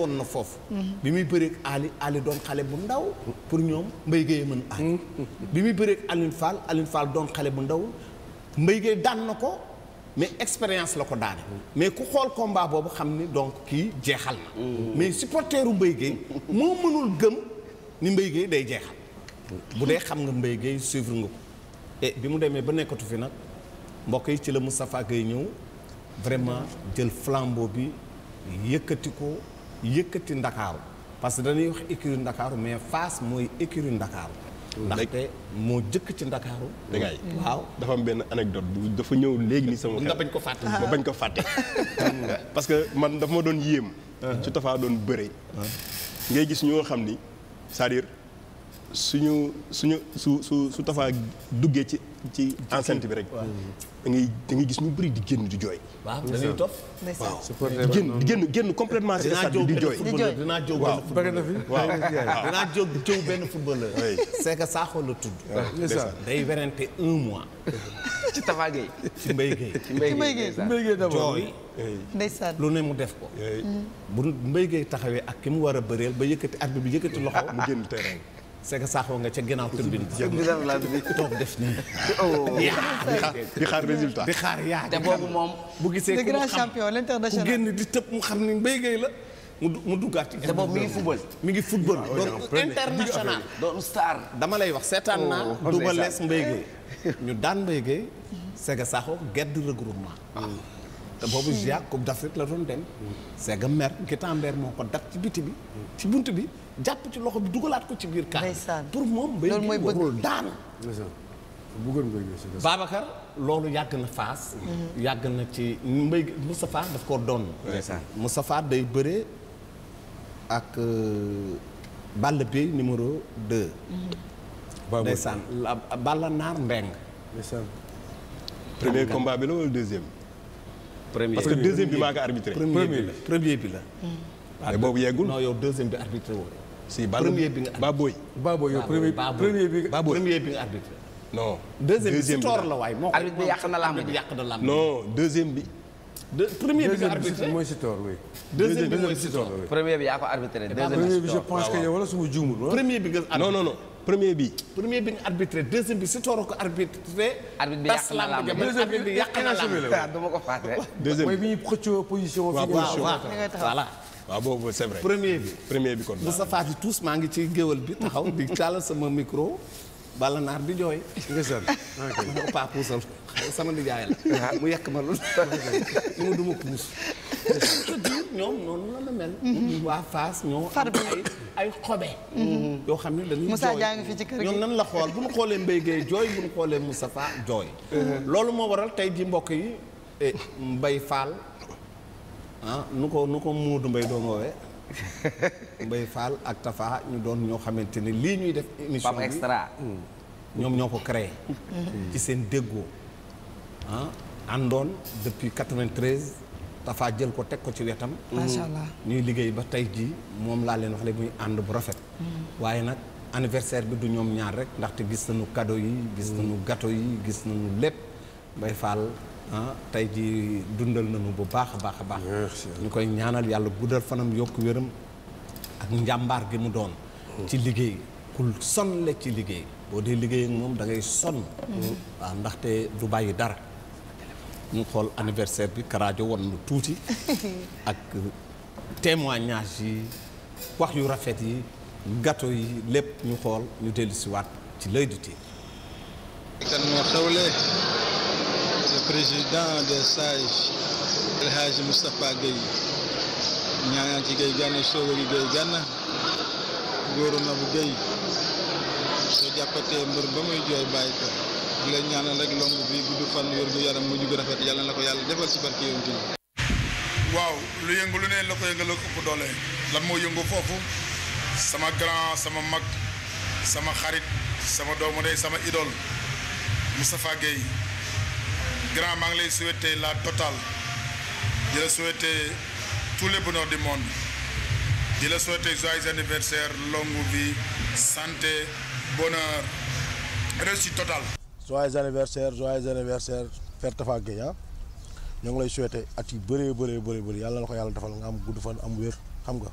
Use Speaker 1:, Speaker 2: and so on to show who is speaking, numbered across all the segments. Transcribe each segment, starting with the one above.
Speaker 1: woon na foofu. bi muy bëreeg Ali Ali doon xale bu ndaw. pour ñoom Mbaye Guèye mën Ali. bi muy bëreeg Alioune Fall Alioune Fall doon xale bu ndaw Mbaye Guèye daan na ko mais expérience la ko daane. mais ku xool combat boobu xam ni donc kii jeexal na. mais supporteru Mbaye Guèye moo mënul gëm ni Mbaye Guèye day jeexal. bu dee xam nga Mbaye Guèye suivre nga ko. bi mu demee ba nekkatu fi nag mbokk yi ci la Moustapha Guèye ñëw vraiment jël flambeau bi yëkkati ko. yëkkati ndakaaru parce que dañuy wax écurie ndakaaru mais Fass mooy écurie ndakaaru ndaxte moo jëkk ci ndakaaru mm. waaw dafa am benn anecdote bu dafa ñëw léegi ni sama nga bañ ko
Speaker 2: fàtte ma bañ ko
Speaker 1: fàtte parce que man dafa ma doon yéem su ah. tafaa doon bëre ah. ngay gis ñoo xam ni c'est-à-dire suñu su su su tafaa duggee ci ci enceinte bi rek. da ngay da ngay gis ñu bëri di génn di jooy. waaw dañuy tof. di génn di génn génn complètement si stade di jooy. di jooy dinaa jóg benn footballeur waaw dinaa benn footballeur. c'est que Sakho la tudd. Ah, day werante un mois. ci Tafa Gueye. ci Mbaye Gueye. ci Mbaye Gueye ci jooy. lu ne mu def ko. bu Mbaye Gueye taxawee ak ki mu war a bëreel ba yëkkati at bi yëkkati loxo ah, mu génn terrain c'est que saxoo nga ca ginnaaw turbine ba. toog def nii. Oh. di xaar résultat di xaar yaa te boobu xam ku génn di mu xam mu duggaat ci. te boobu mi ngi mi ngi football ah, dama lay wax seetaan naa. Oh, duba lees mbéygay ñu daan mbéygay. c'est que saxoo gedd regroupement. te boobu GIA Coupe d'Afrique la doon dem. Sega mer Guettemberg moo ko dab ci biti bi. ci bunt bi jàpp ci loxo bi dugalaat ko ci biir kaan. pour moom bay gi warul daanu. Babacar loolu yàgg na Fass. Mhm. yàgg na ci mbay Moustapha daf koo doon. Moustapha day bëre ak euh, Balla Bey numéro 2. ndeysaan Naar Mbeng. premier parce que deuxième bi maa ko arbitré. premier bi premier bi la. mais boobu yeggul non yow deuxième bi arbitré woo. si Ba premier bi nga. Baboy Baboy yow premier premier bi premier bi nga arbitré. non deuxième bi si toor la waay moo. arbitre bi yàq na lamb bi yàq na lamb non deuxième bi. de premier bi nga arbitré mooy si toor oui. deuxième bi mooy si toor premier bi yaa ko arbitré deuxième bi si toor premier bi je pense que yow wala su ma juumul. premier bi nga. non non non. premier bi. premier bi nga arbitré deuxième bi si tooroo ko arbitré. arbitre bi yàq na làmb deuxième bi yàq na làmb duma ko fàtte. deuxième bi mooy bi ñuy xëccoo position. waaw position voilà. waaw boobu c'est premier bi premier bi kon. Moustapha di tous maa ngi ci géwél bi taxaw di tàllal sama micro. bala naar di jooy. nga sën ma ko paa puusal sama nijaay ah, mu yekk ma lu mu du ma puus. noonu la la mel. Mm-hmm. waa Fass ñoo am ay ay xobe. Mm-hmm. yoo xam ne dañuy jooy Moussa Dia ngi fi ci kër gi ñoom nan la xool bu ñu xoolee Mbaye Gueye jooy bu ñu xoolee Moustapha jooy. Mm-hmm. loolu moo waral tey ji mbokk yi eh, Mbaye Fall ah, nu ko nu ko Muudu Mbaye doon woowee. Mbaye Fall ak Tafa ñu doon ñoo xamante ne lii ñuy def émission bi extra ñoom ñoo ko créé ci seen déggoo ah àndoon depuis 93 Tafa jël ko teg ko ci wetam ñuy liggéey ba tey ji moom laa leen wax léegi muy ànd bu rafet waaye nag anniversaire bi du ñoom ñaar rek ndaxte gis nañu cadeau yi gis nañu gâteau yi gis nañu lépp Mbaye Fall ah tey jii dundal nañu bu baax a baax a baax. ñu koy ñaanal yàlla guddal fanam yokk wéram ak njàmbaar gi mu doon. ci liggéey ku sonn la ci liggéey. boo dee liggéey ak moom da ngay sonn. waaw ndaxte du bàyyi dara. ñu xool anniversaire bi karaajo won lu tuuti ak témoignage yi wax yu rafet yi gato yi lépp ñu xool ñu dellusiwaat ci L'Oeil du Tigre. le président des sages El Hadji Moustapha Gueye ñaanal ci Gueye Gana Sowori Gueye Gana góoru na bu Gueye soo jàppatee mbër ba muy jooy bàyyi ko di leen ñaanal rek long bi gudd fan wér gu yaram mu jug rafet yàlla na ko yàlla defal ci barke yoon bi waaw lu yëngu lu ne la ko yëngal doole lan moo yëngu foofu sama grand sama mag sama xarit sama doomu ndey sama idole Moustapha Gueye grand maa ngi lay souhaiter la totale di la souhaiter tous les bonheurs du monde di la souhaiter joyeux anniversaire longue vie santé bonheur réussite totale.
Speaker 3: joyeux anniversaire joyeux anniversaire Père Tafa Gueye ah ñoo ngi lay souhaiter at yi bëree bëree bëri bëri yàlla na ko yàlla defal nga am gudd fan am wér xam nga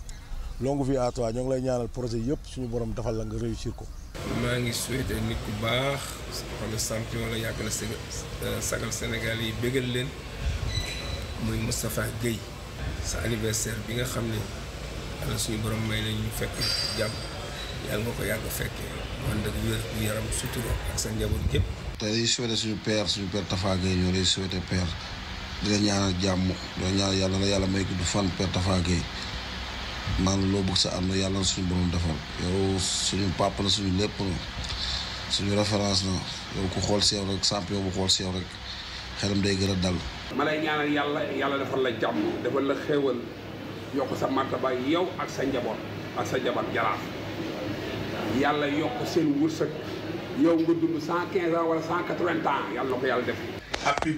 Speaker 3: longue vie à ñoo ngi lay ñaanal projet yëpp suñu borom defal la nga réussir ko.
Speaker 2: maa ngi souhaité
Speaker 1: nit ku baax xam ne champion la yàgg na euh, sagal Sénégal yi bégal leen muy Moustapha Guèye sa anniversaire bi nga xam ne yàlla suñu borom may lañu fekk jàmm yàlla nga ko yàgg fekkee man dëgg wér yaram sutura ak sa njaboot gépp te dañuy souhaité suñu père suñu père Tafa Guèye ñoo lay souhaité père di ñaar ñaanal jàmm di la yàlla na yàlla may gudd fan père Tafa Guèye naan loo bëgg sa am na yàlla suñu borom defal yow suñu papa la suñu lépp la suñu référence na yow ku xool seew rek champion bu xool seew rek xelam day gën a dal. ma lay ñaanal yàlla yàlla defal la jàmm defal la xéewal yokk sa martaba yow ak sa njaboot ak sa jabar jaraaf yàlla yokk seen wërsëg yow nga dund cent quinze ans wala cent quatre-vingts yàlla na ko yàlla def. happy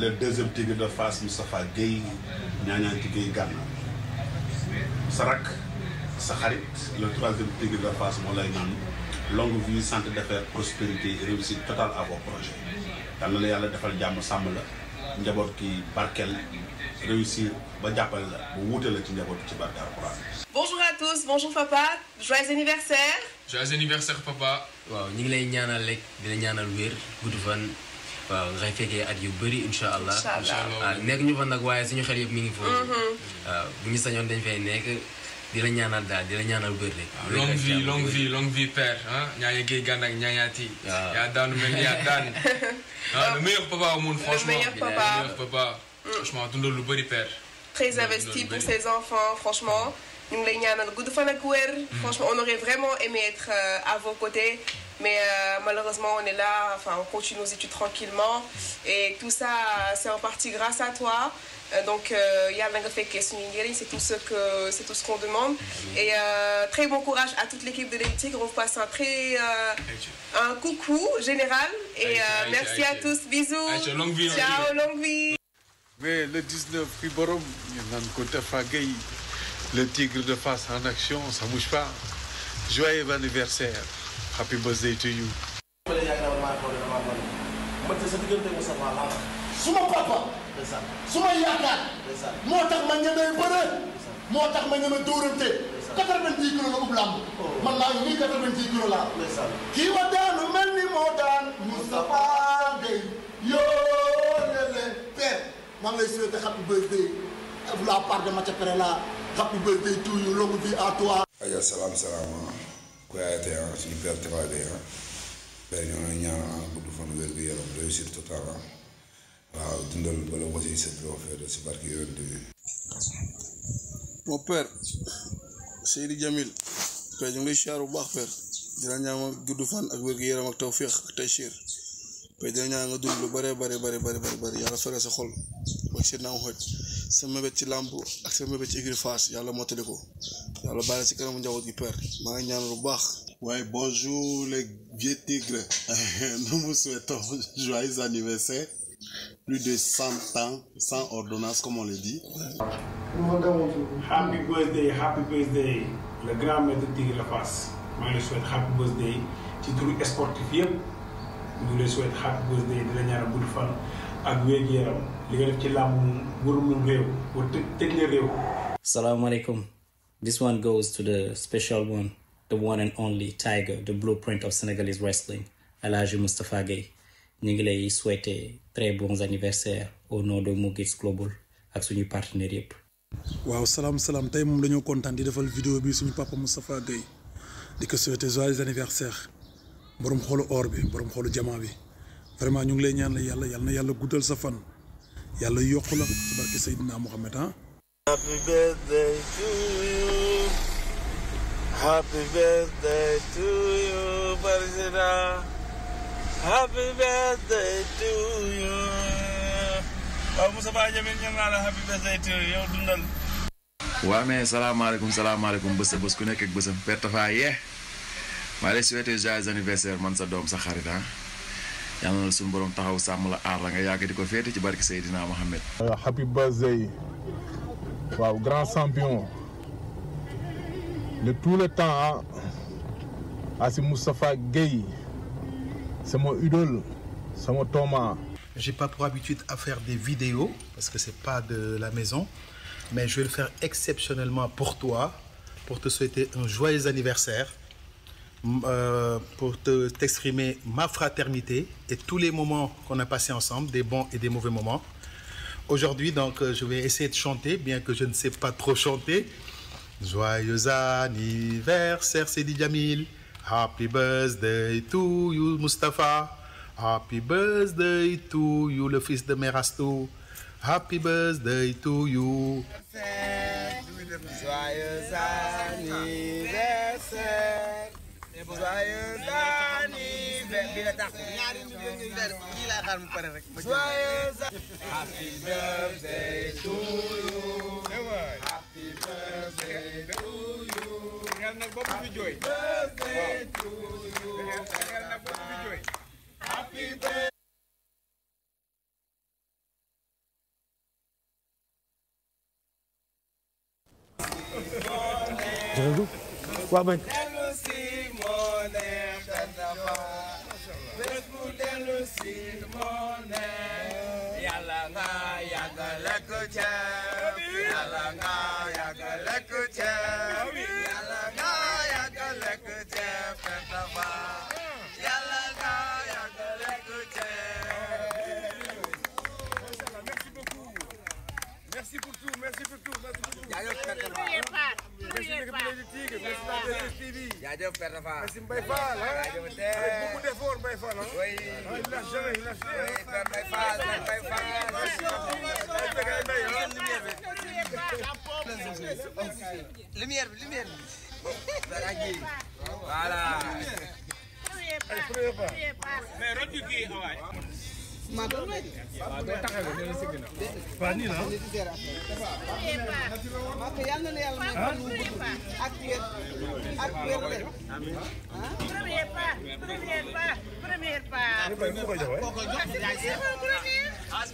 Speaker 1: le deuxième tigre de Fass Moustapha Guèye ñaañaanti Guèye Gànna sa rak sa xarit le troisième tigre de Fass moo lay naan longue vie santé d'affaires prospérité réussite totale à projet projets la yàlla defal jàmm sàmm la njaboot ki barkeel réussir ba jàppale la bu wuute la ci njaboot ci barke alxuraan
Speaker 4: bonjour à tous bonjour papa joyeux anniversaire
Speaker 1: joyeux anniversaire papa waaw ñu ngi lay ñaanal rek di la ñaanal wér gudd fan waaw nga fekkee at yu bari incha allah. incha allah ah, nekk ñu fa nag waaye suñu xel yëpp mi ngi foofu. Mhm. waaw bu ñu sañoon dañ fay nekk di la ñaanal daal di la ñaanal bëri rek. longue vie longue vie longue vie yaa daanu mel ni yaa daan. ah le meilleur papa au franchement le meilleur papa le meilleur mm. lu bëri père.
Speaker 4: très investi pour ses enfants franchement mm. ñu ngi ñaanal gudd fan ak mm. franchement on aurait vraiment aimé être euh, vos côtés. Mais euh, malheureusement, on est là, enfin, on continue nos études tranquillement. Et tout ça, c'est en partie grâce à toi. Euh, donc, euh, Yalla Ngafeke Suningeri, c'est tout ce que c'est tout ce qu'on demande. Et euh, très bon courage à toute l'équipe de l'Eltique. On passe euh, un coucou général. Et merci à tous. Bisous. Ciao,
Speaker 2: longue vie.
Speaker 3: Mais le 19 Riborum, le tigre de face en action, ça bouge pas. Joyeux anniversaire.
Speaker 1: happy birthday to you. suma papa. moo tax ma ñemee bëre. moo tax ma ñemee dóorante. 90 kilos la ub làmb. man maa ngi nii 90 kilos laa. kii ma daanu mel ni moo daan. Moustapha Gueye. yoo lele père. maa ngi lay souhaité happy birthday la part de Mathia Perella happy birthday to you longue vie à toi. aywa salaam salaam. koyaate ah suñu père Tafade ah père ñoo Seydi Jamil père ñu ngi siyaar bu baax père dina ñaan gudd fan ak wér gu yaram ak tawféex ak taysiir père dina ñaan nga lu bare bare
Speaker 3: bare bare bare yàlla fere sa xol ak seen naam xoj sa mébét ci làmb ak sa mébét
Speaker 1: ci écurie Fass yàlla mottali ko yàlla bàyyi si kanamu njaboot gi père maa ngi baax. waaye bonjour les vieux tigres nous vous souhaitons joyeux anniversaire plus de cent ans sans ordonnance comme on le dit. happy birthday happy birthday le grand maître Tigre la Fass maa ngi lay souhaite happy birthday ci turu sportif yëpp ñu lay souhaite happy birthday di la ñaanal gudd fan ak wér yaram li nga def ci làmb wër mu réew wër tëj la réew. salaamaaleykum. This one goes to the special one, the one and only Tiger, the blueprint of Senegalese wrestling, Alhaji Moustapha Gueye ñu ngi lay souhaiter très bons anniversaires au nom de Mogates Global ak suñu partenaires yëpp. waaw salaam salaam tey moom dañoo kontaan di defal vidéo bi suñu papa Moustapha Gueye di ko souhaiter joyeux anniversaire borom xoolu or bi borom xoolu jamaa bi vraiment ñu ngi lay ñaan la yàlla yàlla na yàlla guddal sa fan yàlla yokk la ci barke Seydina Mohamed ah.
Speaker 2: Happy birthday to you. Happy waaw
Speaker 1: Moussa Ba Diagne ñëw naa la happy to yow dundal. waa mais salaamaaleykum salaamaaleykum bës bës ku nekk ak bësam perte faa yee. maa lay souhaité joyeux anniversaire man sa doom sa xarit ah. yàlla na suñu taxaw sàmm la aar la nga yàgg di ko féete ci barke Seydina Mohamed. happy birthday. waaw grand champion de tout le temps ah si Moustapha Gueye c'est mon idole c'est mon Thomas. j'ai pas pour habitude à faire des vidéos parce que c'est pas de la maison mais je vais le faire exceptionnellement pour toi pour te souhaiter un joyeux anniversaire euh, pour te t'exprimer ma fraternité et tous les moments qu'on a passés ensemble des bons et des mauvais moments Aujourd'hui, donc, euh, je vais essayer de chanter, bien que je ne sais pas trop chanter. Joyeux anniversaire, Sidi Jamil. Happy birthday to you, Mustapha. Happy birthday to you, le fils de Merastou. Happy birthday to you.
Speaker 4: dina tax ñaari ñi laa xaar mu pare rek. Happy
Speaker 3: birthday to you. Happy birthday to you. Yal na bopp bi jooy. Birthday to
Speaker 2: you. Yal na bopp bi jooy. Happy birthday. jërëjëf waaw man. dellu si moo ne
Speaker 4: yàlla nga yàgg
Speaker 2: lekk ceeb
Speaker 3: jaajëf Père Tapha. merci Mbaye Fall ah beaucoup
Speaker 1: d'effort Mbaye Fall ah. oui il lâche jamais il lâche jamais. oui Père Mbaye Fall
Speaker 4: Mbaye Fall. lumière bi lumière bi.
Speaker 2: voilà. mais waaw nii
Speaker 1: la
Speaker 4: ah. premier pas premier pas premier pas.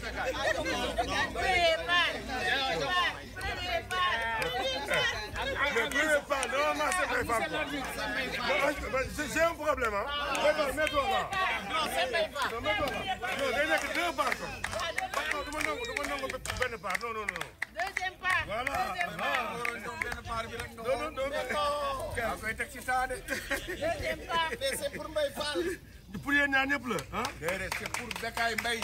Speaker 4: premier pas.
Speaker 1: J'ai
Speaker 3: un problème, hein? Mets-toi là. Non, c'est pas grave.
Speaker 2: Non, mets-toi là.
Speaker 3: Non, day nekk deux parts. Non, du ma nangu, du ma nangu benn part. Non, non, non.
Speaker 2: Deuxième part. Voilà. Benn part bi rek.
Speaker 3: Non, non, non. Kaa koy teg ci saa de. Deuxième part. Mais c'est pour Mbaye Fall. pour yéen ñaar ñëpp la ah. déedéet c'est pour Bécaye Mbaye.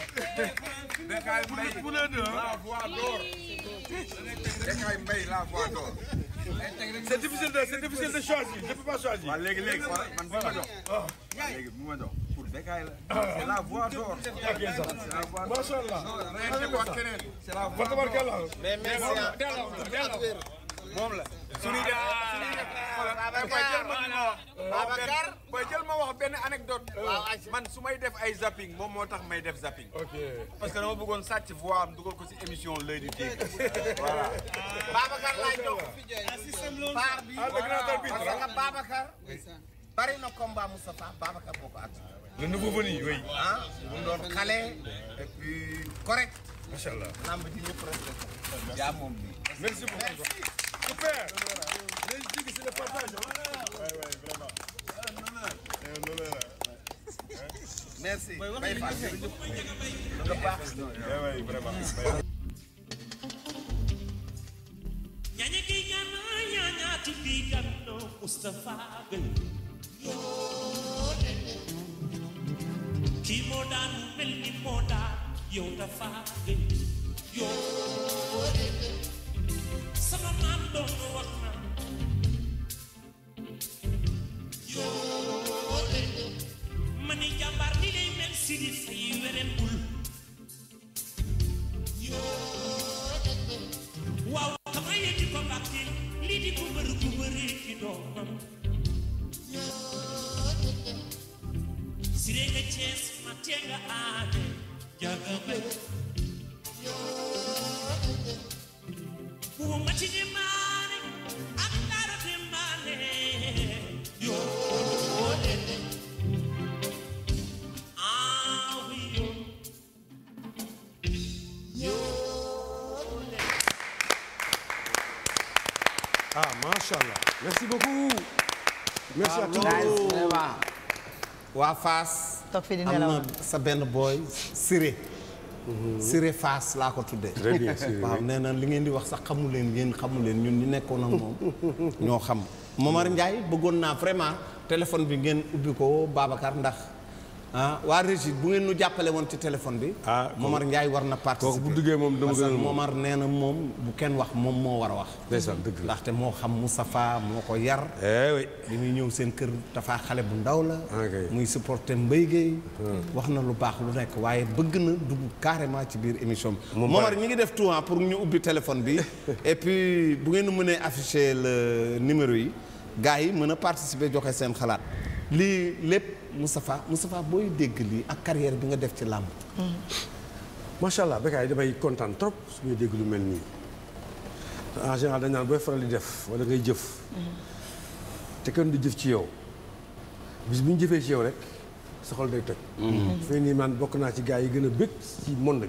Speaker 3: Bécaye Mbaye la voix d'or. Bécaye Mbaye la voix d'or. c'est difficile de c'est difficile de choisir je peux pas choisir. waaw léegi léegi man bu ma jox.
Speaker 1: Ah. léegi bu ma jox pour Bécaye la. Ah. c'est la voie d'or. macha
Speaker 3: allah. c'est la voie d'or.
Speaker 1: mais
Speaker 2: merci. moom la suñuy def suñuy def
Speaker 3: booy jël ma ñu benn anecdote euh, man su may def ay zapping moom moo tax may def zapping parce que dama bëggoon sàcc voix am dugal ko si émission lay di dégg voilà
Speaker 1: Babacar laa jox par bi parce que Babacar bari na combat Moustapha Babacar boo ko at le nouveau venu oui ah mu doon xale et puis correct macha allah lamb ji ñëpp rek yaa moom bi merci beaucoup
Speaker 3: Super Régis, c'est le partage. Oui, oui, vraiment. C'est
Speaker 1: un honneur. Merci. Bay Fall. Nga baax. Oui, oui, vraiment. Ñañe ki gana ñaña ti bi gano Moustapha Gueye. Ki moo daan mel ni moo daan yow dafa gën. Yoo. jenga ade jagabe
Speaker 4: yo kuma chini mane akara mane yo ene awiyo
Speaker 1: yo ah machallah merci beaucoup merci à tous waa Fass toog fii am na sa benn booy Siré.
Speaker 2: Mhm. Siré
Speaker 1: Fass laa ko tuddee. très bien waaw nee na li ngeen di wax sax xamu leen ngeen xamu leen ñun ñu nekkoon ak moom. ñoo xam Momar Ndiaye bëggoon naa vraiment téléphone bi ngeen ubbi ko Babacar ndax. ah waa Régis bu ngeen nu jàppale woon ci téléphone bi. ah Momar Ndiaye war na participer bu duggee moom dama gën a Momar nee na moom bu kenn wax moom moo war a wax. ndeysaan dëgg ndaxte moo xam Moustapha moo ko yar. eh li muy ñëw seen kër dafa xale bu ndaw la. Ah, muy supporter Mbaye Guèye. Hmm. wax na lu baax lu nekk waaye bëgg na dugg carrément ci biir émission bi. Momar ñi ngi def tout pour ñu ubbi téléphone bi. et bu ngeen mënee afficher le numéro yi gars yi mën a participer joxe seen xalaat. lii lépp Moustapha Moustapha booy dégg lii ak carrière bi nga def ci làmb
Speaker 2: mm-hmm.
Speaker 3: macha allah békaay damay kontaan trop su may dégg lu mel nii en général dañ naan booy faral di def wala mm-hmm. ci yow bis bu ñu jëfee ci yow rek sa xol mm-hmm. naa ci gars yi gën a bëgg ci monde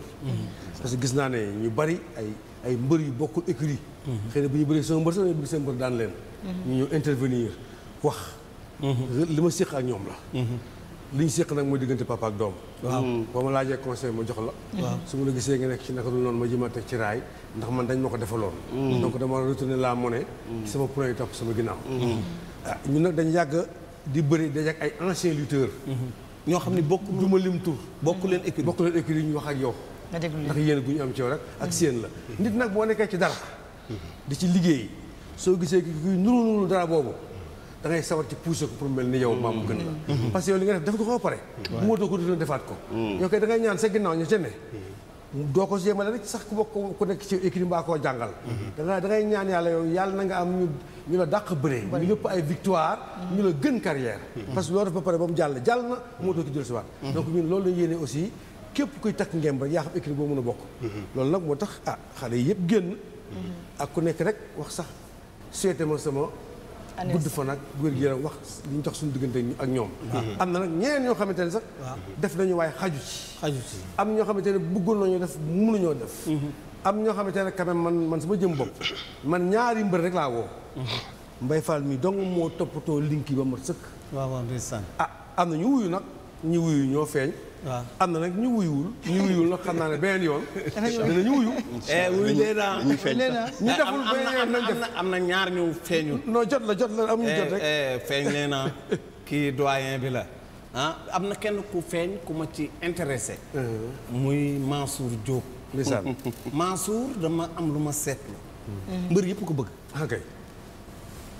Speaker 3: gis naa ne ñu bari ay ay yu bokkul écurie xëy ñu bëree sama mbër daan leen ñu ñëw intervenir wax Mm-hmm. li ma séq ak ñoom la mm-hmm. li ñu séq nag moo diggante papa ak doom waaw mm-hmm. boo ma laajee conseil ma jox la waaw su ma la gisee nga nekk ci naka dul noonu ma jëma teg ci raay ndax man dañ ma ko defaloon donc dama retourner la monnaie sama point yi topp sama ginnaaw ah ñun nag dañ yàgg di bëri daje ak ay anciens lutteurs ñoo xam ne bokk du ma lim tur bokk leen écurie bokk leen écurie ñu wax ak yow ndax yéen gu ñu am ci yow rek ak seen la nit nag boo nekkee ci dara di ci liggéey soo gisee ki kuy nuru da ngay sawar ci poussé ko pour mel ni yow mm. maam gën la parce que yow li nga def def nga ko pare mm. moo mm. doo ko dina defaat ko yow ko jéemale rek nekk ci koo jàngal mm-hmm. da nga da ngay ñaan yàlla yow yàlla na nga am ñu ñu la dàq bëree ñu yëpp ay victoire ñu la gën carrière mm-hmm. parce que loolu def ba pare ba mu jàll jàll na moo doo ko jël si waat mm-hmm. donc ñun loolu lañ yéene aussi képp kuy takk ngemb rek yaa xam écrit boo mën a bokk loolu nag moo tax ah xale yi yëpp génn ak ku nekk rek wax sax souhaité ma sama gudd fa nag wér gu wax lu ñu tax suñu diggante ak ñoom am na nag ñeneen ñoo xamante ne sax def nañu waaye xaju ci xaju am ñoo xamante ne bëggoon nañoo def mënuñoo def mhm. am ñoo xamante ne quand man man sama jëm bopp man ñaari mbër rek laa woo mhm. mbay Fall mi dong moo toppatoo link linki ba mat sëkk waaw waaw ndeysaan ah am na ñu wuyu nag ñu wuyu ñoo feeñ am na rek ñu wuyuwul ñu wuyuwul nag xam naa
Speaker 1: ne benn yoon. dinañu wuyu. Eh, ñu feeñ ñu deful benn am na ñaar ñu feeñul. non jot la jot la amuñu jot rek. Eh, eh, feeñ nee na doyen bi la. ah am na kenn ku feeñ ku ma ci intéressé. Uh-huh. muy Mansour Diop. ndeysaan dama am lu ma seetlu.
Speaker 2: Uh-huh.
Speaker 1: mbër yëpp ko bëgg. Ah,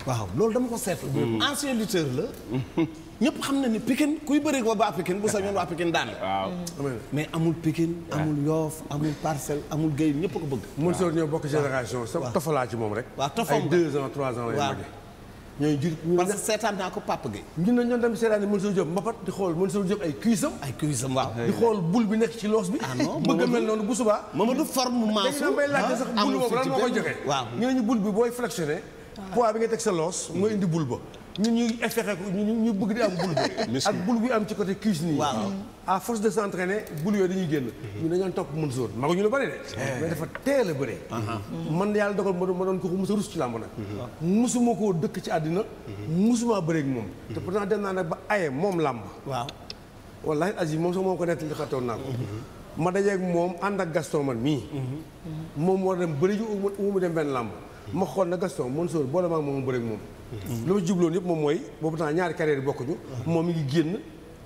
Speaker 1: waaw loolu dama ko seetlu. Mm-hmm. ancien lutteur la. Mm-hmm. ñëpp xam na ni Pikine kuy bëri ba waa Pikine bu sañoon waa Pikine daan waaw mais amul Pikine ah. amul Yoff amul Parcelles amul Guèye ñëpp ko bëgg. waaw Mansour ñoo bokk génération sa tofalaa ci moom rek. waaw tofam ay deux ans
Speaker 3: trois ans lay màggee.
Speaker 1: ñooy jur parce seetaan naa ko Papa Guèye. ñun nag ñoo seetaan
Speaker 3: ni Mansour Diop mbapat di xool Mansour Diop ay cuisam. ay cuisam waaw di xool bul bi nekk ci loos bi. ah non bëgg mel noonu bu subaa. Mamadou forme Mansour amul ah, sax bul boobu lan moo koy bi ah. bi nga teg sa loos mooy mm. indi bul ba ñun ñuy espérer ko ñu ñu bëgg di am bul bi ak bul bi am ci côté cuisse nii mm. à force de s'entraîner bul yooyu dañuy génn mm-hmm. ñu dañu topp mën zone mago ñu la bëri de eh. mais dafa teel a bëri uh-huh. man yàlla dogal ma doon ko mos a rus ci làmb nag mosuma mm-hmm. ah. koo dëkk ci àddina mosuma mm-hmm. bëri ak moom te pourtant dem naa nag ba aye moom làmb waaw wallahi asi moom sax moom ko nett li xatoon naa ko ma dajeeg moom ànd ak Gaston man mii moom war dem bëri ji mu dem benn làmb ma xool na Gaston mën sóor boole maa moom bëri ak moom li ma jubloon yëpp moom mooy boobu temps ñaari carrière yi bokkuñu. moom mi ngi génn.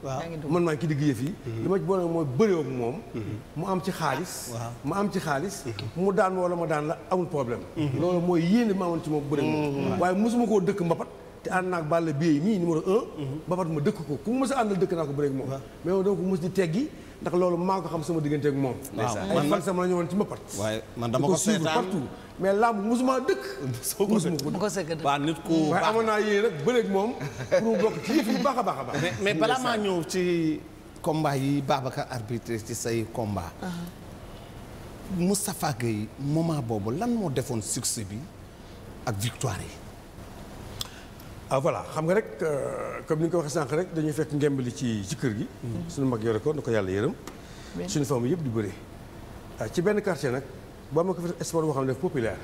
Speaker 3: waaw man maa ngi ci digg yëf yi. Mhm. li ma bon mooy bëreew ak moom. Mhm. mu am ci xaalis. mu am ci xaalis. Mhm. mu daan wala ma daan la amul problème. loolu mooy yéene bi ma amoon ci moom bëreew moom. waaye mosuma koo dëkk mbapat. te ànd naag Balla Bèye mii numéro un. mbapat ma dëkk ko ku mu mës a àndal dëkk naa ko bëreew moom. mais moom dama ko ma di teggi. ndax loolu maa ko xam sama diggante moom. waaw man sama la ñu ci mbapat.
Speaker 2: waaye man dama ko seetaan partout.
Speaker 3: mais làmb musuma dëkk.
Speaker 1: musuma ko dëkk waaw nit ko amoon naa yéen rek bëreeg moom baax a baax a baax. mais mais balaa maa ñëw ci combat yi Babacar arbitré ci say combat.
Speaker 2: Uh-huh.
Speaker 1: Moustapha Gueye moment boobu lan moo defoon succès bi ak victoire yi.
Speaker 3: ah voilà xam nga rek euh, comme ni nga ko waxee sànq rek dañuy fekk ngemb li ci ci kër gi. Mm-hmm. suñu mag yore ko na ko yàlla yërëm. suñu famille yëpp du bëre. Ah, ci benn quartier nag boo amee ko fi sport boo xam ne def populaire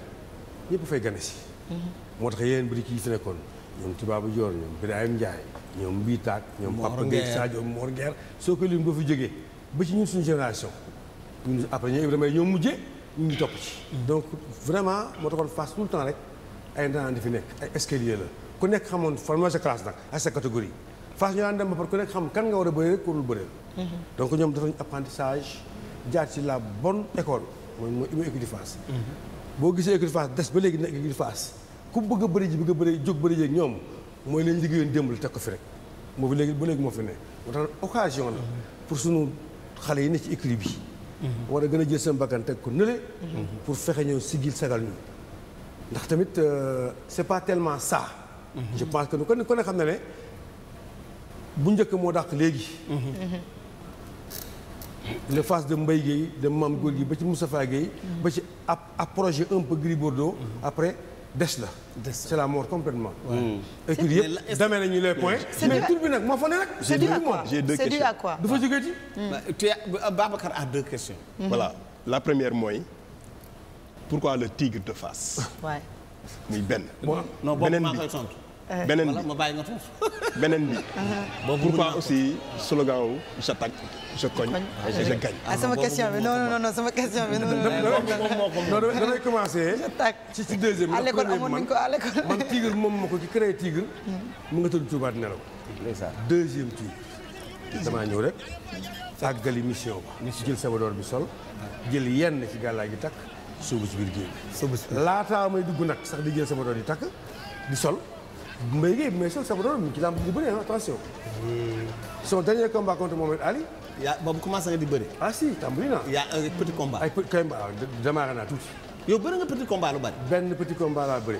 Speaker 3: ñëpp fay gane si mm-hmm. moo tax yeneen bëri kii fi nekkoon ñoom Tubaabu Joor ñoom Birahim Ndiaye ñoom Biitaak ñoom Papa ñoom mujjee ñu ngi topp ci mm-hmm. donc vraiment moo taxoon face tout le temps rek ay ndanaan di fi nekk ay escalier la ku nekk xamoon formé sa classe nag ak sa catégorie face ñu daan dem ba par ku nekk xam kan nga war a bëree rek ku dul
Speaker 2: mm-hmm.
Speaker 3: donc ñoom dafa ñu apprentissage jaar ci la bonne école mooy mooy écurie Fass mhm. boo gisee écurie Fass des ba léegi nag écurie Fass ku bëgg a bëri ji bëgg bëri jóg bëri jéeg ñoom mooy leen liggéeyoon démb la teg ko fi rek moo fi léegi ba léegi moo fi ne moo tax occasion la mhm. pour sunu xale yi ne ci écurie bi mhm. war a gën a jël seen bakkan teg ko nële pour fexe ñëw sigil sagal ñu ndax tamit euh, c'est pas tellement ça je pense que kon ku ne xam na ne bu njëkk moo dàq léegi de phase de mbay Guèye de Mame Gorgui ba ci Moustapha Guèye mm-hmm. ba ci ab approché un Gris Bordeaux mm-hmm. après des
Speaker 1: la. des c'est la mort complètement. Mm. et que yëpp demee nañu les points. mais tur
Speaker 3: nag moo fa ne nag. du fa jógee ci. Mm.
Speaker 1: tu as deux questions. Mm-hmm. voilà la première mooy pourquoi le tigre de Fass. muy benn. non boobu Eh. beneen bi ma bàyyi nga foofu. beneen bi.
Speaker 2: Ah, ah. pourquoi
Speaker 1: aussi slogan wu je t'attaque je cogne et je ah, gagne. ah sama question bi non non non sama question bi. non
Speaker 4: damay
Speaker 3: commencé. ci ci deuxième. à l'école amoon nañu ko à l'école man Tigre moom moo ko ci créé Tigre. Hmm. mu nga tëdd Touba nelaw. deuxième Tigre. damaa ñëw rek. àggali mission ba. jël sabadoor bi sol. jël yenn ci gàllaay gi takk. sóobu ci biir géej. laataa may dugg nag sax di jël sabadoor yi takk di sol. Mbaye Guèye mais Sol Sabodala mi ngi ci lamb di bëri attention. son dernier combat contre Mohamed Ali. yaa boobu commencé nga di bëri. ah si tàmbali naa. y' a un
Speaker 1: petit combat. ay petit combat démarré naa tuuti. yow bëri nga petit combat lu bari. benn petit combat laa bëri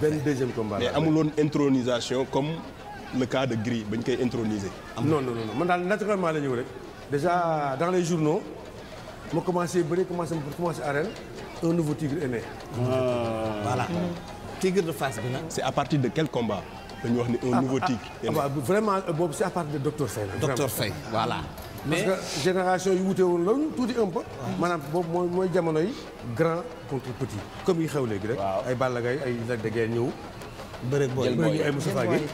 Speaker 1: benn deuxième combat laa bëri mais intronisation comme le cas de Gris bañ koy introniser. am non non non man daal naturellement la ñëw rek
Speaker 3: déjà dans les journaux ma commencé bëri commencé ma commencé arène un nouveau tigre est né.
Speaker 1: Ah. Mm-hmm. tigre de Fass bi nag. c'est à partir de quel combat. dañu wax ni un ah, nouveau ah, tigre. waaw ah, vraiment euh, boobu c'est à partir de docteur Faye la. docteur Faye voilà.
Speaker 3: mais parce que génération yi wute woon loolu tuuti un peu. maanaam boobu mooy mooy jamono yi grand contre petit. comme yi xew léegi rek. ay Balla ay Lac de Guiers ñëw. bëreeg booy bëreeg ay Moustapha Guèye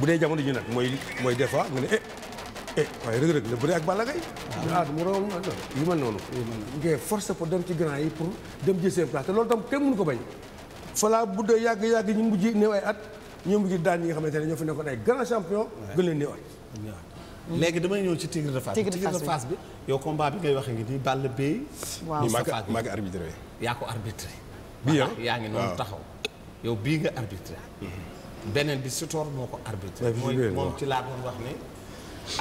Speaker 3: bu dee jamono ji nag mooy mooy des fois nga ne eh. eh waaye Reug Reug la bëri ak Balla Gaye. ah du ma ma noonu. nga force pour dem ci grand yi pour dem jël seen ko bañ. falaa bu yàgg yàgg ñu mujj néew ay at ñu mujj daal ñi nga xamante ne ñoo fi nekkoon ay grand champion gën leen néew at
Speaker 1: léegi damay ñëw ci Tigre de Fass Tigre de Fass bi yow combat bi ngay waxe ngi nii Balla Beye waaw maa ngi arbitré yaa ko ah? ngi noonu taxaw yow bii nga arbitré mm-hmm. beneen bi Sitor moo ko arbitré mooy moom ci laa doon wax ne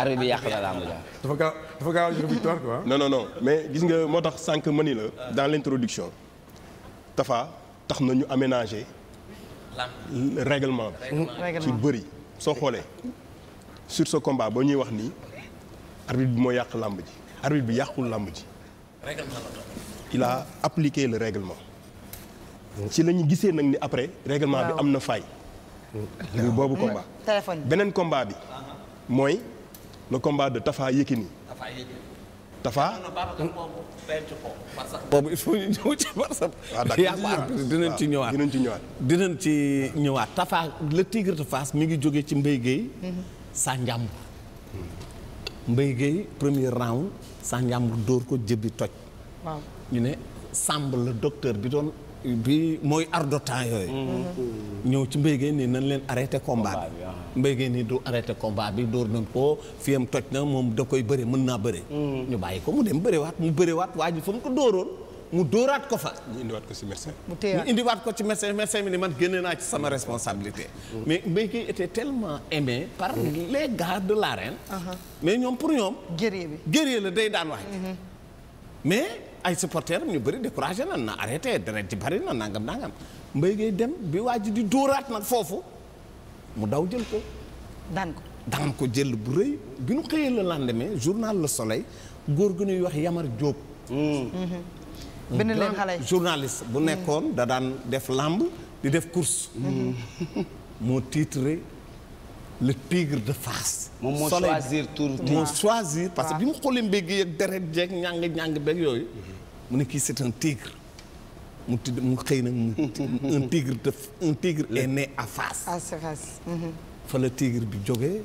Speaker 1: arbitre bi yàq la laa mujj dafa gaaw dafa gaaw jël victoire quoi non non non mais gis nga moo tax sànq ma ni la dans l'introduction Tafa tax na ñu aménager. règlement bi ci bëri soo xoolee sur sa combat ba ñuy wax nii arbitre bi moo yàq làmb ji arbitre bi yàqul làmb ji il a la réglement règlement ci la gisee nag ni après réglement bi am na fay bu boobu mm. combat beneen combat bi ah. mooy le combat de Tafa Yékini Tafa. boobu il faut ñu ñëw ci Barça. Ah, yaakaar dinañ ci ñëwaat dinañ ci ñëwaat. dinañ ci ñëwaat Tafa le tigre Fass mi ngi jóge ci mbay Guèye. sa njàmbur. Mbaye Guèye premier round sa njàmbur dóor ko jëbbi toj. ñu ne Samb le docteur bi doon. bi mooy ardo temps yooyu. Mm-hmm. ñëw ci mbéygéen nii nañ leen arrêté combat bi. mbéygéen nii du arrêté combat bi dóor nañ ko fiyam toj na moom da koy bëri mën naa bëri mm. ñu bàyyi ko mu dem bëri waat mu bërewaat waa ji fa mu ko dóoroon mu dóoraat ko fa. mu indiwaat ko ci médecin. mu teewaat indiwaat ko ci médecin médecin ni man génne naa ci sama responsabilité. Mm. mais mbéygéen était tellement aimé par mm. les gars de l'arène. Uh-huh. mais ñoom pour ñoom. guerrier bi guerrier la day daan waaj. Mm-hmm. mais. ay supporters am ñu bëri découragé na na arrêté deret ci bari na nangam nangam Mbaye Gueye dem bi waa ji di dóoraat nag foofu mu daw jël ko. daan ko ko jël bu rëy bi nu xëyee le lendemain journal la Soleil góor gu ñuy wax Yamar jóob mm-hmm. mm-hmm.
Speaker 4: benn leen xale
Speaker 1: journaliste bu nekkoon da daan def làmb di def course. Mm-hmm. moo titré. le tigre de Fass. moom moo choisir tur moo choisir parce que bi mu xoolee mbéy ak deret jeeg ñàng ñàng beeg yooyu. mu ne kii c'est un tigre. mu tudd xëy nag mu. tigre de un tigre est né à Fass. Ah, mhm. fa la tigre bi jóge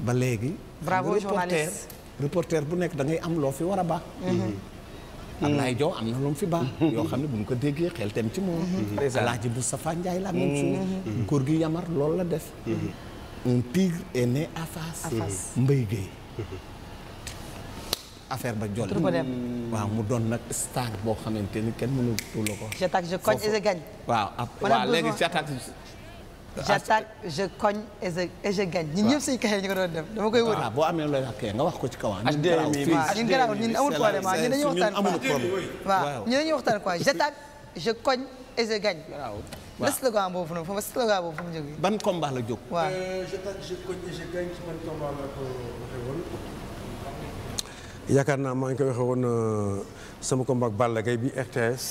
Speaker 1: ba léegi. bravo journaliste reporter bu nekk dangay am loo fi war a baax. Mhm. Mhm. Ablaye Diaw am na lu mu fi baax. yoo xam ne bu ñu ko déggee xel tem ci moom. Alaaji Moustapha Ndiaye la même chose. góor gi yamar loolu la def. un tigre est né à Fass. Mm. Mbaye Gueye affaire ba jolli. waaw mu doon nag star boo xamante ni kenn mënu tuula ko.
Speaker 4: j'attaque je cogne et je gagne.
Speaker 1: waaw waaw léegi j'attaque. j'attaque
Speaker 4: ñu ko doon def dama
Speaker 1: koy wër. boo amee looy wax nga wax ko ci kawam. ñun garaawul ñun garaawul ñun amul problème dañuy waxtaan quoi. waaw ñun
Speaker 4: dañuy waxtaan quoi j'attaque je cogne et je waaw slogan boobu noonu foofu ban
Speaker 1: combat la jóg. waaw
Speaker 4: euh,
Speaker 3: yaakaar naa maa ngi koy waxee euh, sama combat ak Balla Gaye bi RTS.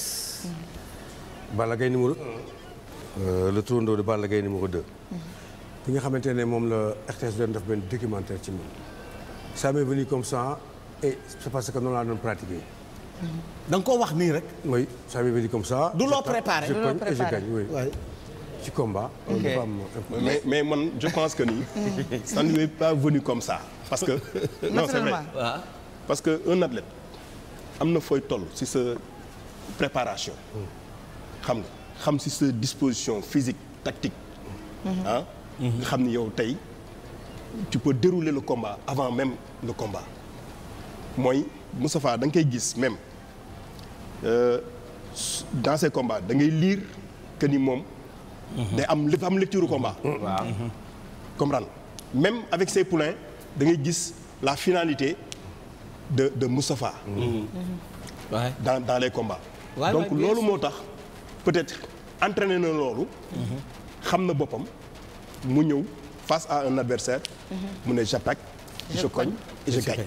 Speaker 3: Mm-hmm. Balla Gaye numéro un. Mm-hmm. Euh, le tournoi de Balla Gaye numéro deux. Mm-hmm. nga xamante ne moom la RTS doon def benn documentaire ci moom. ça m'est venu comme ça et c'est parce que noonu laa doon pratiquer. da nga koo wax nii rek. oui ça veut dire comme ça. du loo préparé du loo préparé
Speaker 1: ci combat. mais mais man je pense que nii. ça n'est pas venu comme ça. parce que non c'est vrai ah. parce que un athlète am na fooy toll ci sa préparation. xam nga xam ci sa disposition physique tactique. Mhm. ah nga mhm. xam ni yow tey tu peux dérouler le combat avant même le combat mooy. Moustapha da koy gis même euh, dans ces combats da ngay lire que ni moom. day am dafa am lecture combat. waaw mm-hmm. comprendre même avec ses poulains da ngay gis la finalité de de Moustapha.
Speaker 2: Mm-hmm.
Speaker 1: dans dans les combats.
Speaker 2: donc loolu moo tax
Speaker 1: peut-être entraîné na loolu. Mm-hmm. xam na boppam mu ñëw face à un adversaire mu ne j'attaque je cogne et je gagne.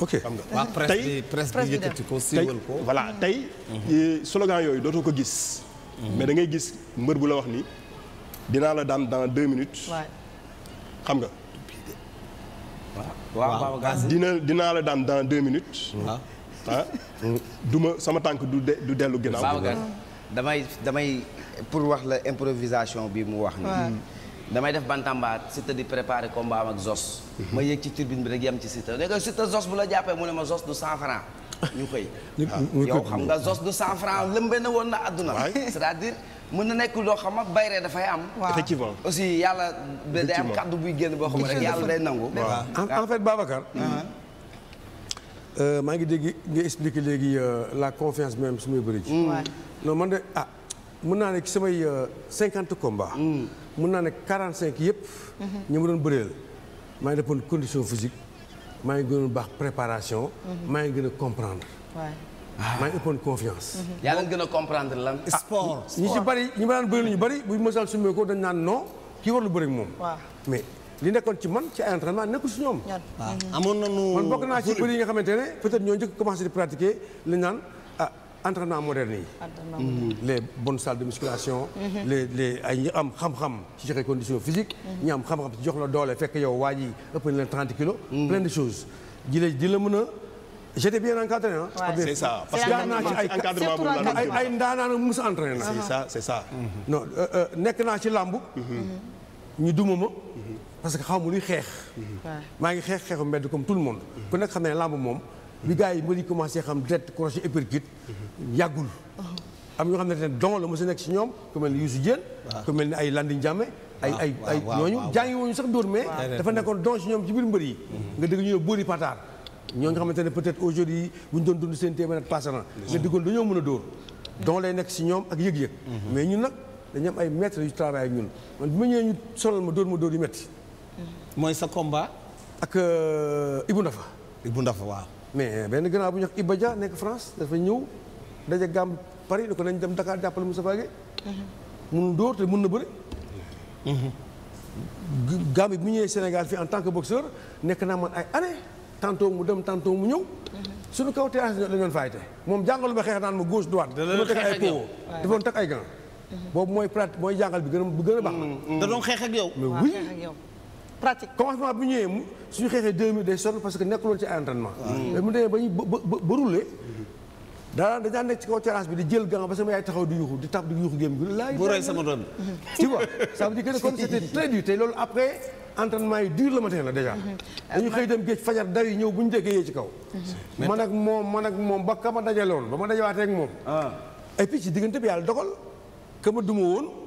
Speaker 1: ok waa presse presse bi yëkkati ko ko. voilà mm-hmm. tey. Mm-hmm. Eh, slogan yooyu dootoo ko gis. Mm-hmm. mais da ngay gis mbër bu la wax nii dinaa la daan dans deux minutes. xam nga. waaw dina dinaa la daan dans deux minutes. ah du ma sama tànk du de du dellu ginnaaw. damay damay pour wax la improvisation bi mu wax na
Speaker 4: damay def bantamba Siteu di préparer
Speaker 3: combat am ak Zos. Mhm. ma yéeg ci turbine bi rek yem ci Siteu ne ko Siteu Zos bu la jàppee mu ne ma Zos du 100 francs ñu xëy. yow xam nga Zos du 100 francs lëmbe na woon na àdduna. c'est-à-dire mën na nekk loo xam ak bayre dafay am. effectivement aussi yàlla day am kaddu buy génn boo xam rek yàlla day nangu. en fait Babacar. Ah. Euh, euh, maa ngi dégg nga expliqué léegi euh, la confiance même su may bëri ci. Mm. non man de ah mën naa ne ci samay cinquante combats. Mm. mun naa ne cinq yëpp. ñi ma doon bëreel maa ngi defoon condition physique maa ngi gënoon baax préparation. maa ngi gën a comprendre.
Speaker 1: Ah.
Speaker 3: maa ngi ëppoon confiance.
Speaker 1: Mm-hmm. yaa leen gën a comprendre lan. Ah, sport ñi ci
Speaker 3: bari ñi ma daan bëri ñu bari bu mosal sumee ko dañ naan non kii war lu bëri moom. mais li nekkoon ci man ci ay entraînement nekkul si ñoom.
Speaker 2: Ah. Mm-hmm. amoon nañu man bokk naa ci bëri nga
Speaker 3: xamante ne peut-être ñoo njëkk commencé di pratiquer li naan. entraînement moderne yi mm-hmm. les bonnes salles de musculation mm-hmm. les les ay ñi xam-xam ci joxe condition physique mm-hmm. ñi am xam-xam ci jox la doole fekk yow waa ji ëpp na leen trente kilos plein de choses ji la ji la mën a bien encadré ah c'est naa sa entraîné na c'est ça c'est euh, euh, nekk naa ci làmb ñu duma ma parce que xaw ma luy xeex maa ngi xeex xeexu mbedd comme tout le monde ku nekk xam ne làmb moom bi gars yi mbër yi commencé xam direct crochet uppercut yàggul
Speaker 2: uh-huh.
Speaker 3: am ñoo xam ne don la mos a nekk si ñoom ku mel ni Youssou Dieng ku mel ni ay Landing Diamé ay ay ay ñooñu jàngi sax dóor mais dafa nekkoon don si ñoom ci biir mbër yi mm-hmm. nga dëgg ñu ne bëri pataar ñoo nga xamante ne peut-être aujourd'hui bu ñu doon dund seen téeméer ak passé na nga diggoon dañoo mën a dóor don lay nekk si ñoom ak yëg-yëg mm-hmm. mais ñun nag dañu am ay maître yu travail ak ñun man bi ma ñëwee ñu ma dóor ma dóor yu mm-hmm. mooy sa combat ak euh, Ibou Ndafa Ibou Ndafa waaw mais benn grand bu ñu wax Iba Dia nekk France dafa ñëw daje gàmm Paris ne ko nañ dem Dakar jàppale Moustapha Gueye mun dóor te mun na bëri gàmm bi bu ñëwee Sénégal fii en tant que boxeur nekk naa man ay année tantôt mu dem tantôt mu ñëw suñu kaw terrasse dañu doon fayte moom jàngalu ma xeex naan ma gauche droite ma teg ay po dafa doon teg ay gants boobu mooy plate mooy jàngal bi gën a bi gën a baax da doon xeex ak yow pratique. commencement bu ñëwee suñu xeexee deux minutes day sonn parce que nekkuloon ci entraînement. ba ñu ba ba ba rouler. dañu bi di jël gant ba sama yaay taxaw di yuuxu di tap di yuuxu géem gi. laay bu rey sama doon. tu la déjà. Mhm. dañu xëy dem géej fajar dar yi ñëw bu ñu déggee yee ci kaw. Mhm. man ak moom man ak moom ba ka a dajaloon ba ma dajawaatee ak moom. Ah. et puis ci diggante bi yàlla dogal ka ma duma woon.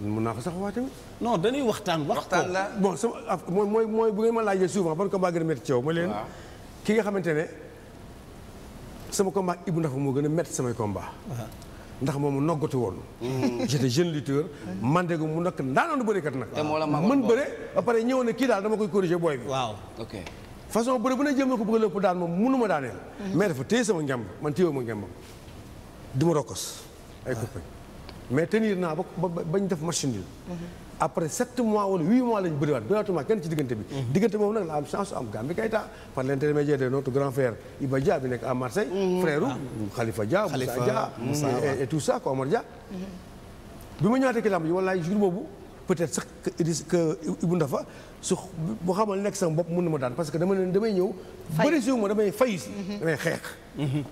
Speaker 3: mën naa ko sax wax tamit. non dañuy waxtaan wax waxtaan la bon sama mooy mooy bu ngeen ma laajee souvent ban combat gën a métti ci ma leen ki nga xamante ne sama combat Ibou Ndafa moo gën a métti samay combat ndax moom mu noggatu woon. Hmm. j'étais jeune lutteur. mandego mu nag ndaanoonu bërekat nag. te moo la mën bëre ba pare ñëw ne kii daal dama koy corriger booy bi. waaw façon bëre bu ne jëm na ko bëgg lépp daan moom mënu ma daaneel. Hmm. mais dafa téye sama njàmb man téye ma njàmbam du ma rokkos ay coupé. mais tenir naa ba bañ def machine yi après sept mois wala huit mois lañ bëriwaat bëriwaatuma kenn ci diggante bi diggante boobu nag la am chance am Gambi Keita par l'intermédiaire de notre grand frère Iba Dia bi nekk à Marseille mm-hmm. frère u Khalifa Dia Moussa Dia et tout bi ma ñëwaatee ki ji wallaay jour boobu peut-être sax que Idriss que Ibou Ndafa su bu xamal nekk sama bopp mën na ma daan parce que dama ne damay ñëw bëri siwu ma damay fay si mm-hmm. damay xeex mm-hmm.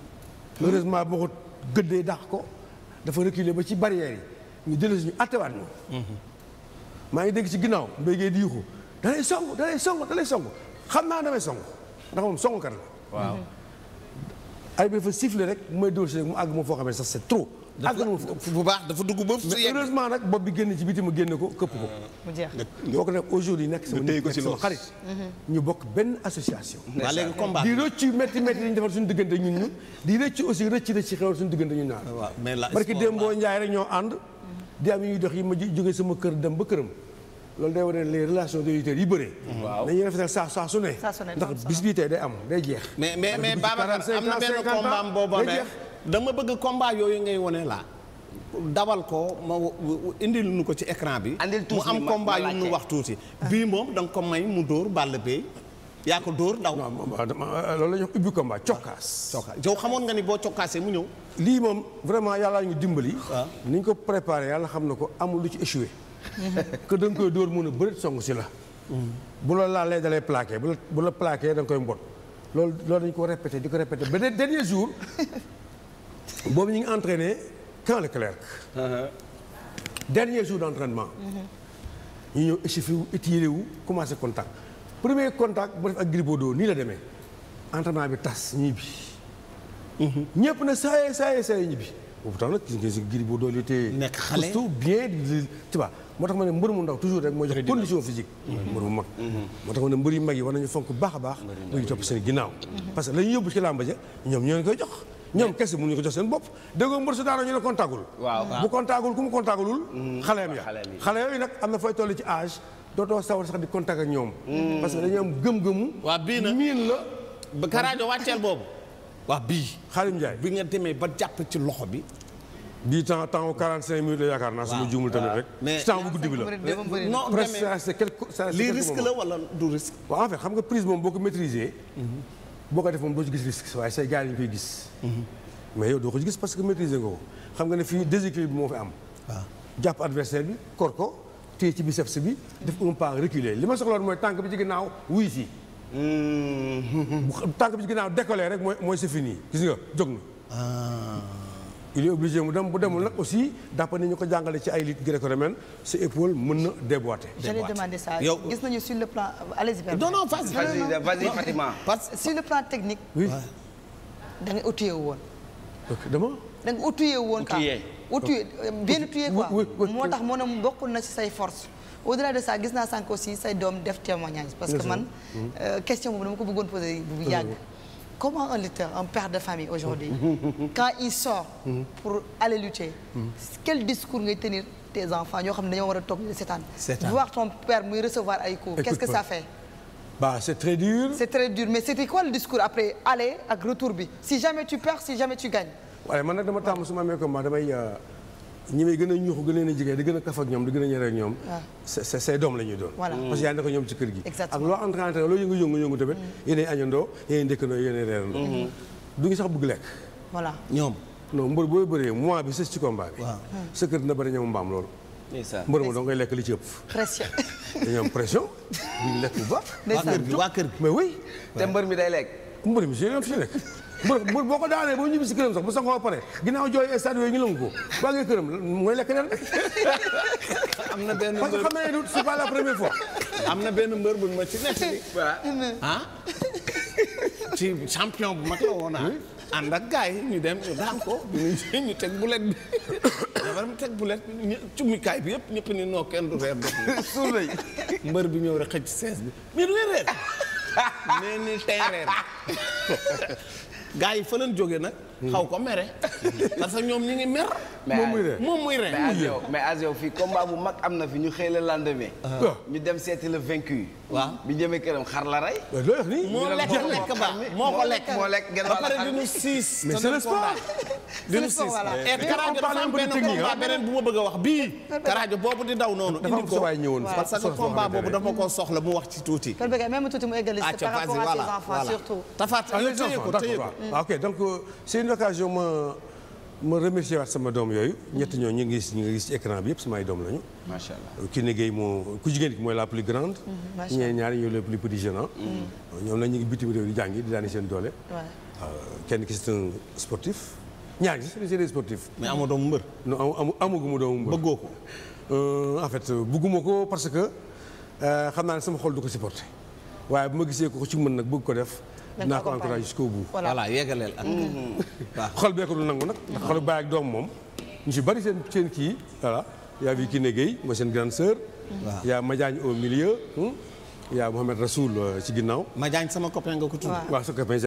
Speaker 3: heureusement boo ko gëddee ko dafa reculer ba ci barrière yi ñu dellu si ñu attewaat ñu. Mhm. maa ngi dégg ci ginnaaw mbéy ngay diixu da lay song da lay song da lay song xam naa damay song ndax moom songkat la. waaw ay ba fa siffler rek may dóor si mu àgg moom foo xam ne sax c'est trop. bu baax dafa dugg ba su yegg heureusement nag bopp bi génn ci biti ma génn ko këpp ko mu jeex kooku nag aujourd'hui nekk sama nit nekk sama xarit mhm. ñu bokk benn association waa léegi combat di rëcc métti yi ñu defal suñu diggante ñun ñu di rëcc aussi rëcc rëcc xewal suñu diggante ñun ñaar barki Dembo Njaay rek ñoo ànd di am dox yi ma jógee sama kër dem ba këram loolu day wane les relations de lutteurs yi bëree.
Speaker 1: waaw dañuy rafetal saa saa su ne. ndax bis day am day jeex. mais dama bëgg combat yooyu ngay wone laa dawal ko ma indil nu ko ci écran bi mu am combat yu nu wax tuuti bii moom danga ko may mu dóor bàll bey yaa ko dóor ndaw euh, loolu la ñu ubbi combat cokkaas cokkaas
Speaker 3: yow xamoon nga ni boo cokkaasee mu ñëw lii moom vraiment yàlla ñu dimbali ah. ni ñu ko préparé yàlla xam na ko amul lu ci échoué que da nga koy dóor mun a bërit song si la
Speaker 2: mm-hmm.
Speaker 3: bu la laalee dalay plaqué bu la bu la plaqué da koy mbot loolu loolu dañ ko répété di ko répété ba dernier jour boobu ñu ngi entraîné Camp Leclerc. Uh-huh. dernier jour d' entraînement.
Speaker 2: Uh-huh.
Speaker 3: ñu ñëw échauffé wu étiré wu commencé contact. premier contact bu def ak Gris Bordeaux nii la demee entraînement bi tas ñibbi. Uh-huh. ñëpp na saa yee saa yee saa yee ñibbi. moo tax ma ne ndaw toujours rek mooy jox condition physique. mbër mag. moo tax ma ne mbër yu mag yi war nañu fonk baax baax. mbër yu topp seen ginnaaw. parce que la ñu yóbbu ci làmba ja ñoom ñoo koy jox. ñoom kese bu ñu ko jox seen bopp déggoo mbër su daanoo ñu ne kontagul bu kontagul ku mu kontagulul xaleem ya xale yooyu nag am na fooy toll ci âge dootoo sawar sax di contact ak ñoom hmm. parce que dañu am gëm-gëmu waa bii na miin la karaajo wàcceel boobu waa bii Xaalim Njaay bi nga demee ba jàpp ci loxo bi di temps temps wu 45 minutes la yaakaar naa. waaw waaw su ma juumul tamit rek. mais temps bu guddi la. non du risque. waaw en xam nga prise moom boo ko maîtriser. Mhm. boo ko def moom doo ci gis risque waaye say gars ñu koy gis. mais yow doo ko ci gis parce que maîtriser nga ko xam nga fi fii déséquilibre bi moo fi am. waaw ah. jàpp adversaire bi kor ko téye ci biceps bi def un pas reculé li ma soxla woon mooy tànk bi ci ginnaaw wuy si. bu hmm. tànk bi ci ginnaaw décollé rek mooy mooy c'est fini gis nga jóg na. Ah. il est obligé mu dem bu demul nag aussi dàpp ni ñu ko jàngale ci ay lutte gréco-romaine sa épaule mën na déboîter. j'allais demander ça gis
Speaker 4: nañu sur le plan allez-y. non
Speaker 1: que
Speaker 4: sur le plan technique. oui da nga outillé woon. dama. da nga outillé woon. ka outillé euh, bien outillé quoi. moo tax moo ne bokkul na ci say force au-delà de ça gis naa sànq aussi say doom def témoignage. parce que man mm. euh, question boobu dama ko bëggoon poser bu yàgg. comment un père de famille aujourd'hui mm-hmm. Mm-hmm. quand il sort mm-hmm. pour aller lutter quel discours ngay tenir tes enfants ñoo xam ne dañoo a voir ton père muy recevoir ay coups qu'est-ce que ça fait c'est très dur mais c'était quoi le discours après aller ak retour si jamais tu perds si jamais tu gagnes ñi gën a ñuux gën
Speaker 3: a a jege di gën a kaf ak ñoom di gën a ñere ak ñoom c'est ah. say doom la ñuy doon parce que yaa ngi ko ñoom ci kër gi ak loo entraîné loo yëngu yëngu yëngu tamit mm-hmm. yéenay añandoo yéenay mm-hmm. ñoom mm. mbaam loolu
Speaker 4: mbër ma doo
Speaker 3: ngay lekk li ci ëpp
Speaker 4: pression
Speaker 3: pression lekk bu baax waa kër gi mais oui te mbër mi day lekk mbër mi si ñoom si lekk bu boo ko daanee boo ñibbi si këram sax bu sangoo pare ginnaaw jooy stade yooyu ñu lëngu ko baa këram mooy lekk nen
Speaker 1: am na benn parce que xam ne c'est pas mbër bu ma ci nekk
Speaker 2: bi
Speaker 1: ah? ci champion bu mag la woon ah. ànd ak gars ñu dem ñu daan ko ñu ñu teg bulet bi dafa mu teg bulet bi cummikaay bi yëpp ñëpp ni noo kenn du reer dog suulay mbër bi ñëw rek xëcc sees bi mais du reer mais ni tey gaa yi fa leen jóge nag Mm. xaw ko mere. parce que ñoom ñu ngi mer. moom muy ree moom muy ree mm. mais as yow fii combat bu mag am na fi ñu xëy la lendemain. Ah. ñu dem seeti le vaincu. waaw bi
Speaker 3: jëmee këram xar la rey. moo lekk lekk ba moo ko lekk ba
Speaker 1: pare beneen bu ma bëgg wax bii. karaajo boobu di daw noonu. indi ko parce que combat boobu dafa koo soxla mu wax ci tuuti.
Speaker 4: kër bëgg même tuuti mu ah, ah, ko tëye ko
Speaker 1: ok donc
Speaker 3: euh, l'occasion ma ma remercier waat sama doom yooyu. ñett ñoo ñu ngi gis ñu ngi gis ci écran bi yëpp samay doom lañu.
Speaker 1: macha allah
Speaker 3: ki liggéey moo ku jigéen ki mooy la plus grande. Mm, macha allah ñee ñaari ñooy les plus petits jeunes. Mm. ñoom nag ñu ngi bitim réew di jàngi di daani seen doole. Euh, kenn ki c'est un sportif. ñaar gi c'est des sportifs. mais amoo doomu mbër. non amu amaguma doomu mbër. bëggoo ko. Euh, en fait bëgguma ko parce que euh, xam naa ne sama xol du ko supporter waaye bu ma gisee ko ci mën nag dinaa ko encouragé jusqu'au bout.
Speaker 1: voilà yeggaleel ak. Mm-hmm. Mm-hmm.
Speaker 3: Mm-hmm. waaw xol bee ko du nangu nag. ndax xolu baay ak doom moom. ñu si bari seen seen kii voilà yaa Vicky Guèye mooy seen grande sœur. waaw yaa Madiagne au milieu. yaa Mouhamed Rasoul euh, ci ginnaaw. Madiagne sama copain nga ko tudd. waaw sa copain.